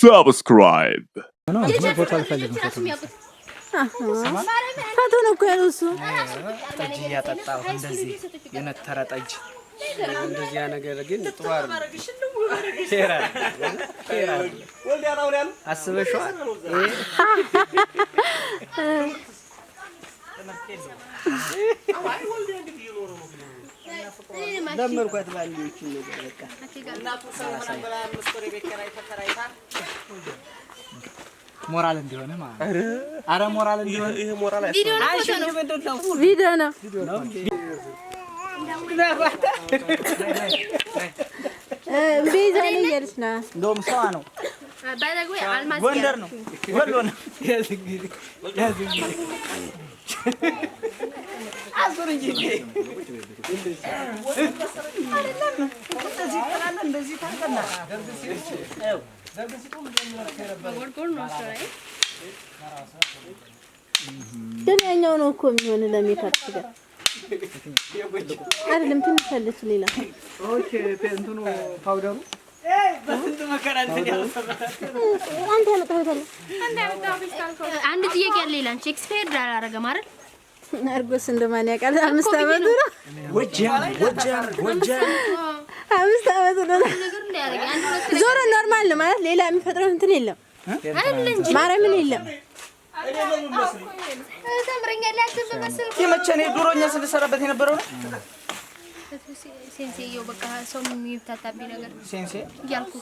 ሰብስክራይብ ቦታ እኮ ያለው እሱ። ጠጅ እያጠጣሁ እንደዚህ የነተረ ጠጅ እንደዚያ ነገር ግን ጥሩ አስበሽዋል? ለመርኳት ባንዲዎችን ነገር በቃ እናቱ ሰው ምናምን ብላ አምስት ወር የቤት ኪራይ ተከራይታ ሞራል እንዲሆነ ማለት አረ ሞራል እንዲሆነ ይሄ ሞራል ነው። ጎንደር ነው። አዙር እንጂ እንደዚህ ታርቀና ደህናኛው ነው እኮ የሚሆን ለሜካፕ ጋር አይደለም። ትንሽ አለች ሌላ ፓውደሩ አንድ ጥያቄ ያለ ይላል። ኤክስፓየርድ አላረገም አይደል? ናርጎስ እንደማን ያውቃል? አምስት አመቱ ነው። አምስት አመቱ ነው። ዞሮ ኖርማል ነው ማለት ሌላ የሚፈጥረው እንትን የለም ማርያምን የለም። ተምረኛል የመቼ እኔ ድሮ እኛ ስንሰራበት የነበረው ነው ሴንሴየው በቃ ሰው የሚብታታብኝ ነገር ሴንሴ እያልኩ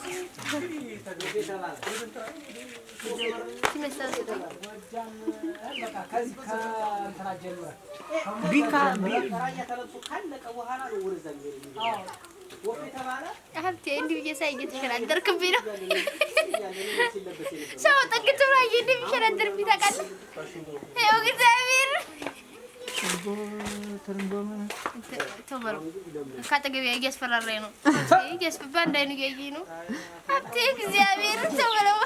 ሀብቴ እንዲህ ብዬሽ ሳይ እየተሸራደርክብኝ ነው። ሰው ጠግቶ ብላ እንዲህ የሚሸራደርብኝ ታውቃለህ? ይኸው እግዚአብሔር ከአጠገቤ እያስፈራራኝ ነው። በአንድ አይኑ እያየኝ ነው። አብቴ እግዚአብሔርን ተበለው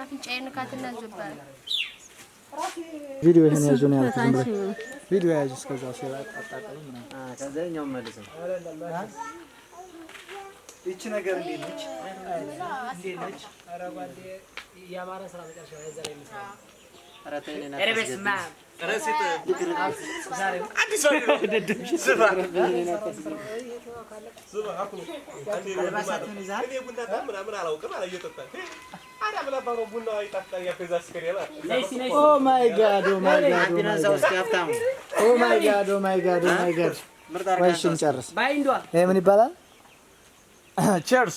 አፍንጫዬን ንካትና ዘባለሁ። ቪዲዮ ይሄን ያዙ ነው ያልኩት። ዝም ቪዲዮ ያዙ። እስከዚያው ሲያጣጣሉ ምናምን ከዚያኛው መልሰን ይቺ ነገር እንዴት ነች? ምን ይባላል? ቼርስ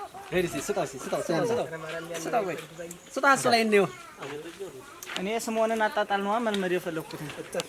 ስጣ ላይ ነው። እኔ ስምሆንን አጣጣል ነዋ መልመድ የፈለኩት ነው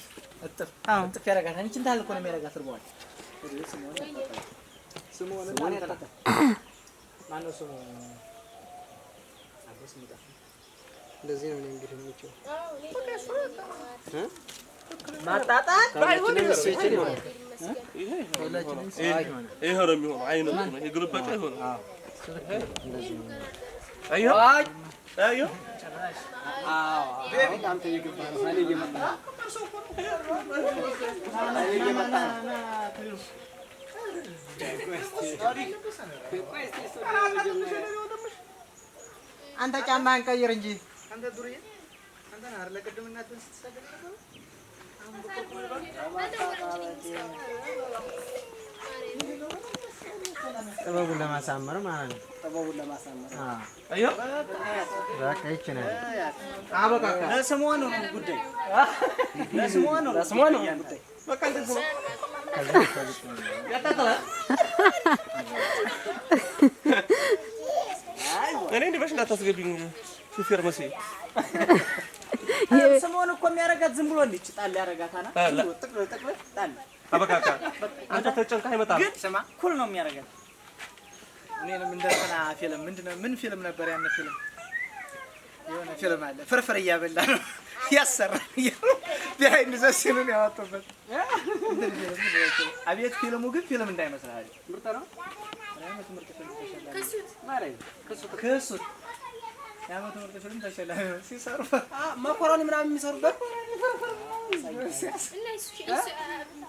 አንተ ጫማ አንቀይር እንጂ አንተ ጥበቡን ለማሳመር ማለት ነው። ጥበቡን ለማሳመር አዮ በቃ ይችላል። አበቃ ለስምዖን ነው ጉዳይ፣ ለስምዖን ነው ለስምዖን ነው ጉዳይ። በቃ እኔ እንደ በሽ እንዳታስገብኝ ሹፌር መስ ስምዖን እኮ የሚያረጋት ዝም ብሎ እንዲች ጣል ያረጋታና ጥቅል ጥቅል ጣል አበቃቃ አንተ ተጨንቀህ አይመጣም። ግን ስማ ኩል ነው የሚያደርገን። እኔንም እንደፈና ፊልም ምንድን ምን ፊልም ነበር ያን ፊልም የሆነ ፊልም አለ ፍርፍር እያበላ ነው ያሰራል። ቢሃይንድ ዘ ያወጡበት አቤት ፊልሙ ግን ፊልም እንዳይመስልህ አይደል? ምርጥ ነው። ክሱት የዓመቱ ምርጥ ፊልም ተሸላሚ ሲሰሩ መኮረኒ ምናምን የሚሰሩበት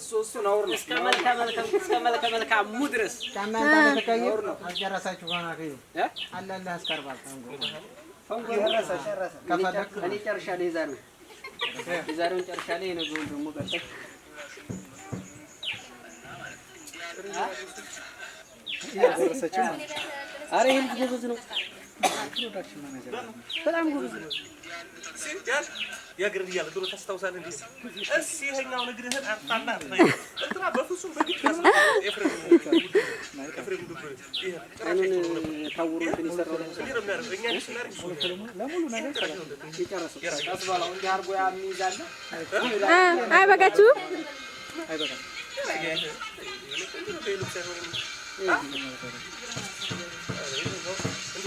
እሱ እሱ ነውር ነው። እስከ መልከ መልከ እስከ መልከ መልካሙ ድረስ ከእናንተ ነው። አስጨረሳችሁ ሆና ከዩ አላላ አስቀርባል ተንጎ ተንጎ ጨረሰ ጨረሰ። ከፈለክ እኔ ጨርሻለሁ። የዛሬው የዛሬውን ጨርሻለሁ። የነገውን ደግሞ ቀጠል ኧረ ይሄ ልጅ ነው። በጣም ጉብዝ ነው። የእግር እያለ ድሮ ታስታውሳለህ? እንዴት እስ ይኸኛውን እግርህን አርታና እንትና በፍጹም በግድ አይበቃችሁም?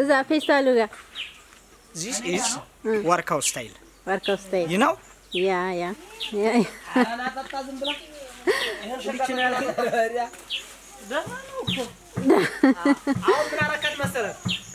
እዛ ፌስታሉ ጋር ዋርካው ስታይል ዋርካው ስታይል ዩ ኖው ያ ያ አሁን ምን መሰለህ?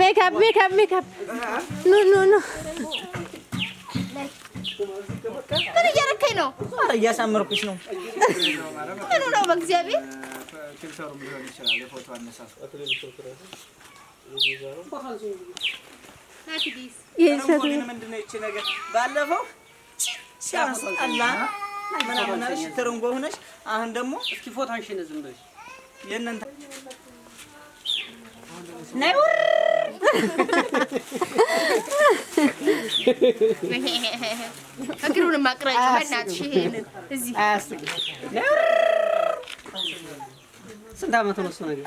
ሜካፕ ሜካፕ ሜካፕ ኑ ኑ ኑ ምን እያረከኝ ነው? ኧረ እያሳመርኩሽ ነው። ምኑ ነው? በእግዚአብሔር ፊልተሩም ይችላል ነገር ባለፈው ምናምን አለሽ አሁን ደግሞ እስኪ ፎቶሽን ዝም ብለሽ የእናንተ ነይ ውር እግሩንም በእናትሽ ይሄንን እዚህ ስንት አመት ነው እሱ ነገር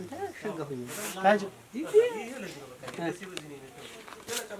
ಅಂತ ಶುದ್ಧ ಹೂವು ರಾಜ